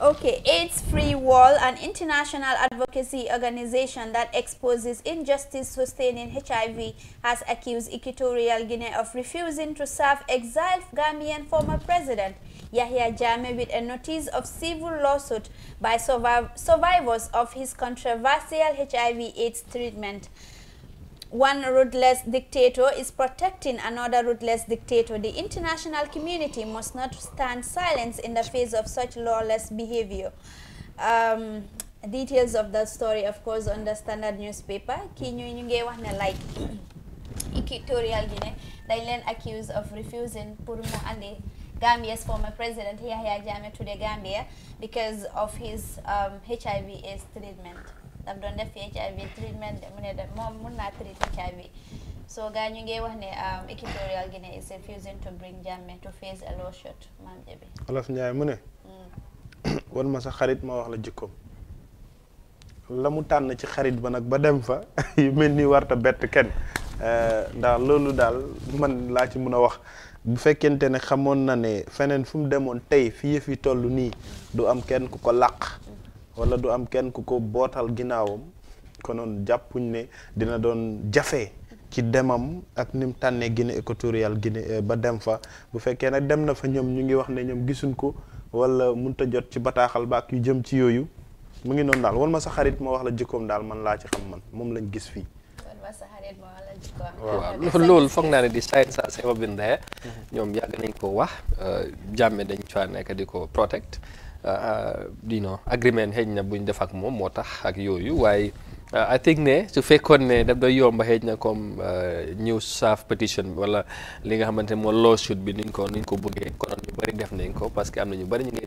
Okay, AIDS Free Wall, an international advocacy organization that exposes injustice sustaining HIV, has accused Equatorial Guinea of refusing to serve exiled Gambian former president Yahya Jammeh with a notice of civil lawsuit by survivors of his controversial HIV AIDS treatment one ruthless dictator is protecting another ruthless dictator. The international community must not stand silent in the face of such lawless behavior. Um, details of that story, of course, on the standard newspaper. Ki like equatorial Guinea, they leen accused of refusing pour and the Gambia's former president Yahya Jammeh to the Gambia because of his um, HIV/AIDS treatment. mu ne so gars ñu ne um, Equatorial mm. wan ma sa xarit ma wax la jikkoom. la mu tànn ci xarit ba nag ba dem fa yu mel ni warta bett kenn eh, ndax loolu daal man laa ci mun a wax bu fekkente ne xamoon na ne feneen fu mu demoon tey fi yëf yi toll nii du am kenn ku ko làq wala du am kenn ku ko bootal ginnaawam konoon jàppuñ ne dina doon jafe ci demam ak ni mu tànnee Guinée équatoriale Guinée eh, ba dem fa bu fekkee nag dem na fa ñoom ñu ngi wax ne ñoom gisuñ ko wala mënut a jot ci bataaxal ba ak yu jëm ci yooyu mu ngi noon daal wala ma sa xarit ma wax la jikkoom daal man laa ci xam man moom lañ gis fii. waaw loolu foog naa ne di sayn sa seba binde ñoom yàgg nañ ko wax euh, jàmme dañ caa nekk di ko protect you know agreement xëy na buñ def ak moom moo tax ak yooyu waaye euh, I think ne su fekkoon ne daf doy yomba xeej na comme ñëw euh, saaf pétition bi wala li nga xamante ne moo lawsuit bi niñ ko nuñ ko bëggee konoon ñu bëri def nañ ko parce que am na ñu bëri ñu ngi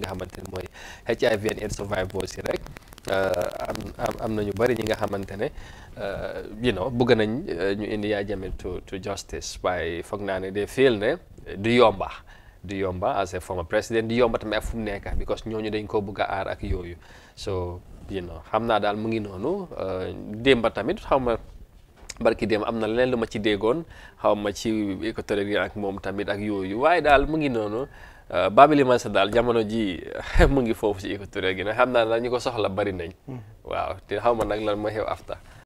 nga xamante ne mooy HIV and AIDS survivors yi rek euh, am am na ñu bëri ñi nga xamante ne you know bëgg nañ ñu indi Yaya Jammeh to to justice waaye foog naa ne de feel ne du yomba di yomba as a former president di yomba tamit ak fu mu nekk because ñooñu dañ ko bëgg a aar ak yooyu so you know xam naa daal mu ngi noonu euh, démba tamit xaw ma barki dem am na leneen lu ma ci déggoon xaw ci écoterre ak moom tamit ak yooyu waaye daal mu ngi noonu euh, Babili Mansa daal jamono ji mu ngi foofu ci écoterre gi nag xam naa daal ñu ko soxla bari nañ mm-hmm. waaw te xaw ma nag lan mooy xew afta